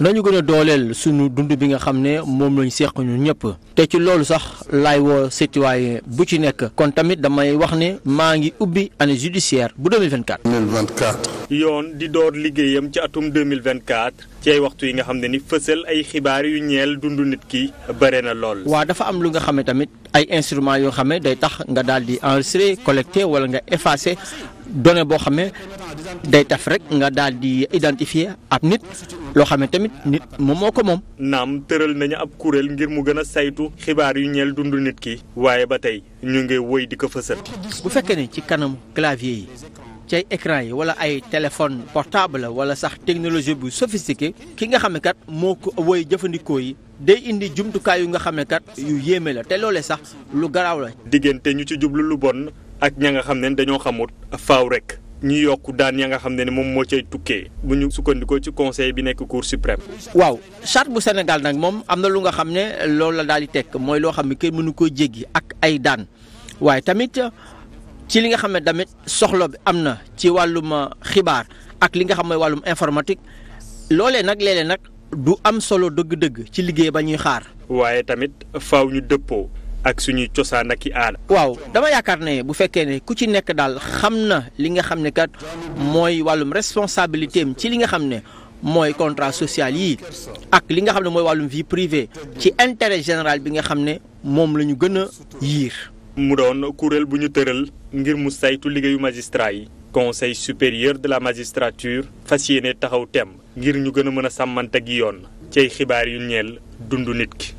nañu gën dooleel suñu dund bi nga xam ne moom lañ seq ñu ñëpp te ci loolu sax laay woo citoyen bu ci nekk kon tamit damay wax ne maa ngi ubbi année judiciaire bu 2024. 2024. yoon di door liggéeyam ci atum 2024 ci ay waxtu yi nga xam ne ni fësal ay xibaar yu ñeel dund nit ki bare na lool. waa dafa am lu nga xam ne tamit ay instruments yoo xam ne day tax nga daal di enregistrer collecter wala nga effacer données boo xam ne day taf rek nga daal di identifier ab nit loo xam ne tamit nit moom moo ko moom. naam tëral nañu ab kuréel ngir mu gën a saytu xibaar yu ñeel dundu nit ki waaye ba tey ñu ngi wëy di ko fësal. bu fekkee ne ci kanam clavier yi. ci ay écran yi wala ay téléphone portable wala sax technologie bu sophistiqué ki nga xam ne kat moo ko woy jëfandikoo yi day indi jumtukaay yu nga xam ne kat yu yéeme la te loole sax lu garaaw la. diggante ñu ci jublu lu bon ak ña nga xam ne dañoo xamut faw rek. ñu yokk daan ya nga xam ne ne moom moo cay tukkee bu ñu sukkandikoo ci conseil bi nekk cour suprême. waaw charte bu Sénégal nag moom am na lu nga xam ne loolu la daal di teg mooy loo xam ne kenn mënu koo jéggi ak ay daan ci li nga xam ne tamit soxlo bi am na ci wàllum euh, xibaar ak li nga xam mooy wàllum informatique loolee nag léeg nag du am solo dëgg-dëgg ci liggéey ba ñuy xaar. waaye tamit faaw ñu dëppoo ak suñuy cosaan ak i aada. waaw dama yaakaar ne bu fekkee ne ku ci nekk daal xam na li nga xam ne kat mooy wàllum responsabilité am ci li nga xam ne. mooy contrat social yii ak li nga xam ne mooy wàllum vie privée ci intérêt général bi nga xam ne moom la ñu gën a yiir mu doon kuréel bu ñu tëral ngir mu saytu liggéeyu magistrat yi conseil supérieur de la magistrature fas yéene taxaw tem ngir ñu gën a mën a sàmmante gi yoon cay xibaar yu ñeel dundu nit ki